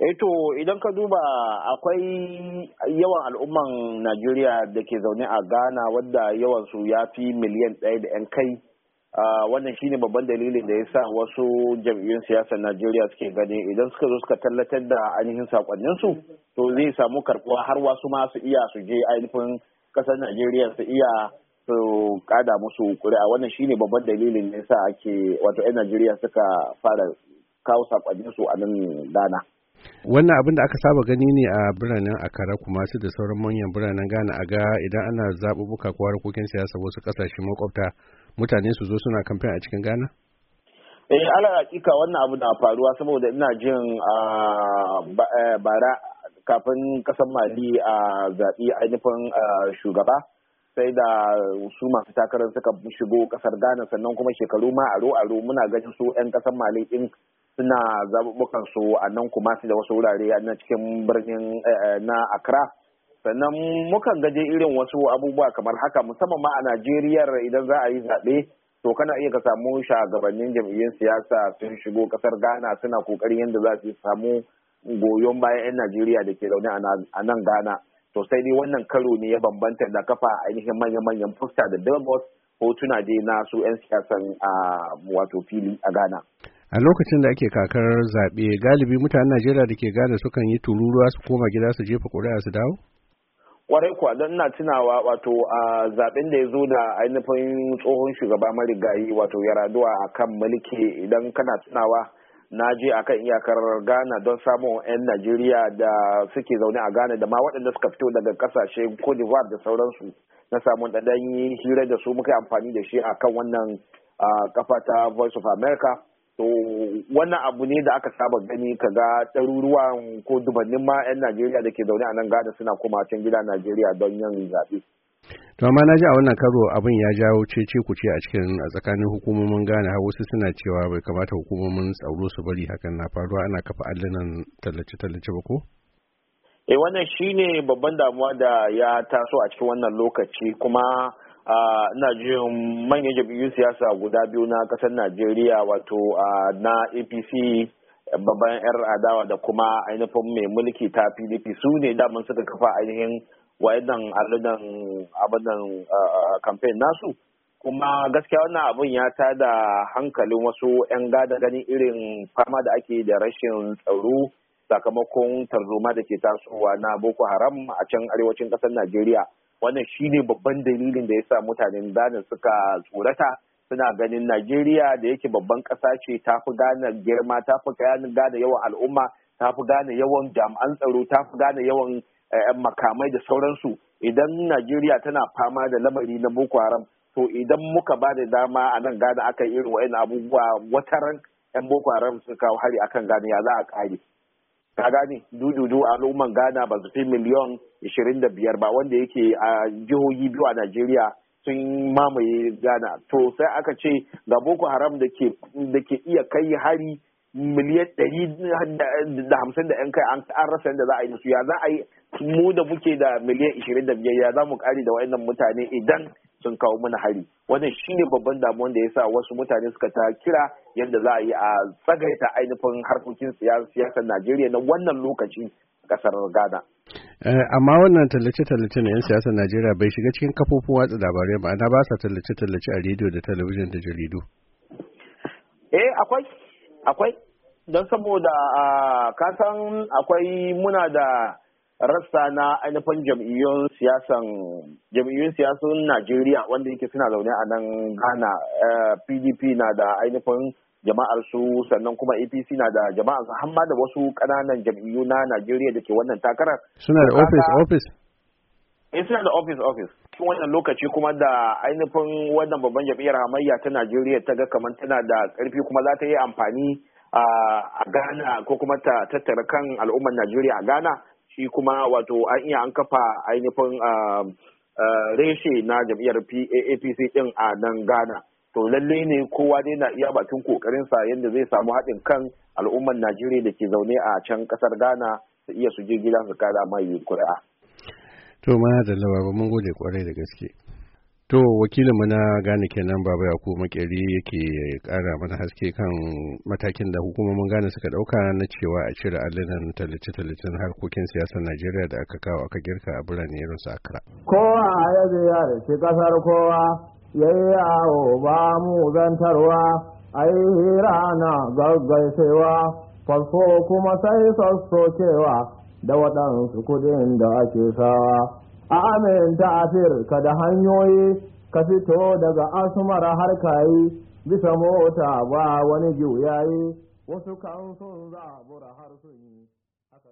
Eto eh idan ka duba akwai yawan al'umman Najeriya da ke zaune a Ghana wadda yawansu ya fi miliyan ɗaya da 'yan kai. Wannan shine babban dalilin da ya sa wasu jam'iyyun siyasar Najeriya suke gani idan suka zo suka tallatar da ainihin sakonninsu to zai samu karɓuwa har wasu ma su iya su je ainihin ƙasar Najeriya su iya su kada musu ƙuri'a wannan shine babban dalilin da ya sa ake wato 'yan Najeriya suka fara kawo sakonninsu a nan Ghana. wannan abin da aka saba gani ne a biranen akara kuma su da sauran manyan biranen ghana a ga idan ana zaɓuɓɓuka ko harkokin siyasa wasu ƙasashe makwabta mutane su zo suna kamfen a cikin ghana eh ala hakika wannan abu na faruwa saboda ina jin eh, bara kafin kasar mali a zaɓi ainihin shugaba sai da su masu takarar suka shigo kasar ghana sannan kuma shekaru ma aro aro muna ganin su 'yan kasar mali din suna zaɓuɓɓukan su a nan kuma su da wasu wurare a nan cikin birnin eh, eh, na Accra sannan mukan gaje irin wasu abubuwa kamar haka musamman ma a Najeriya idan za a yi zaɓe to kana iya ka samu shugabannin jam'iyyun siyasa sun shigo kasar Ghana suna kokarin yadda za su samu goyon bayan 'yan Najeriya da ke zaune a nan Ghana to sai dai wannan karo ne ya bambanta da kafa ainihin manya-manyan fusta da billboard hotuna dai na su 'yan siyasan a ah, wato fili a Ghana. a lokacin da ake kakar zaɓe galibi mutanen najeriya da ke gane sukan yi tururuwa su koma gida su jefa ƙuri'a su dawo kwarai kuwa don na tunawa wato a zaben da ya zo da ainihin tsohon shugaba marigayi wato yaraduwa a kan mulki idan kana tunawa na je a kan iyakar ghana don samun 'yan najeriya da suke zaune a ghana da ma waɗanda suka fito daga ƙasashen cote d'ivoire da sauransu na samun ɗanɗan hira da su muka yi amfani da shi a kan wannan kafa ta voice of america to wannan abu ne da aka saba gani kaga ɗaruruwan ko dubannin ma 'yan najeriya da ke zaune a nan gada suna koma can gida najeriya don yin zaɓe to amma na ji a wannan karo abin ya jawo cece ku ce a cikin a tsakanin hukumomin gane har wasu suna cewa bai kamata hukumomin tsaro su bari hakan na faruwa ana kafa allunan tallace-tallace ba ko eh wannan shine babban damuwa da ya taso a cikin wannan lokaci kuma ina jin manyan jam'iyyun siyasa guda biyu na kasar najeriya wato na apc babban yar adawa da kuma ainihin mai mulki ta pdp su ne daman suka kafa ainihin wayannan arzikin abinan kamfen nasu kuma gaskiya wannan abun ya da hankalin wasu 'yan gada ganin irin fama da ake da rashin tsaro sakamakon tarzoma da ke tasowa na boko haram a can arewacin ƙasar najeriya wannan shine babban dalilin da ya sa mutanen Ghana suka tsorata suna ganin Najeriya da yake babban ƙasa ce ta fi gane girma ta fi gane yawan al'umma ta fi gane yawan jami'an tsaro ta fi gane yawan eh, makamai da sauransu idan Najeriya tana fama da lamari na Boko Haram to idan muka ba da dama a nan gane aka yi irin wa'in abubuwa wataran 'yan Boko Haram sun kawo hari akan gane ya za a kare ka gane dududu al'umman ghana ba su fi miliyon 25 ba wanda yake a jihohi biyu a najeriya sun mamaye ghana to sai aka ce ga boko haram da ke iya kai hari miliyan ɗari da hamsin da yan kai an rasa yadda za a yi musu ya za a yi mu da muke da miliyan ishirin da biyar ya za mu ƙari da wa'annan mutane idan sun kawo mana hari wannan shine babban damuwan da ya sa wasu mutane suka ta kira yadda za a yi a tsagaita ainihin harkokin siyasar najeriya na wannan lokaci kasar ghana eh, amma wannan tallace-tallace na 'yan siyasar najeriya bai shiga cikin kafofin watsa labarai ma'ana ba sa tallace-tallace a rediyo da talabijin da jaridu eh akwai akwai don saboda kasan akwai muna da rassa na ainihin jam'iyyun siyasan jam'iyyun siyasun Najeriya wanda yake suna zaune a nan Ghana PDP na da ainihin jama'ar su sannan kuma APC na da jama'ar su har da wasu ƙananan jam'iyyu na Najeriya da ke wannan takarar suna da office office in eh, suna da office office cikin wannan lokaci kuma da ainihin wannan babban jam'iyyar hamayya ta najeriya ta ga kamar tana da karfi kuma za ta yi amfani a ghana ko kuma ta tattara kan al'ummar najeriya a ghana shi kuma wato an iya an kafa ainihin reshe na jam'iyyar apc din a nan ghana to lalle ne kowa dai na iya bakin ƙoƙarinsa yadda zai samu haɗin kan al'ummar najeriya da ke zaune a can ƙasar ghana su iya su je gida su kada mai kuri'a to ma da ba mun gode kwarai da gaske to wakilin mu na gane kenan baba yakubu makeri yake kara mana haske kan matakin da hukumomin gane suka dauka na cewa a cire allunan tallace-tallacen harkokin siyasar najeriya da aka kawo aka girka a birane irin su akra kowa ya ziyarci kasar kowa ya yi yawo ba mu zantarwa a yi hira na gaggaisewa fasfo kuma sai sassokewa da waɗansu kuɗin da ake sawa a afir ka da hanyoyi ka fito daga asmar har kayi bisa mota ba wani juyayi wasu kan sun zabura har sun yi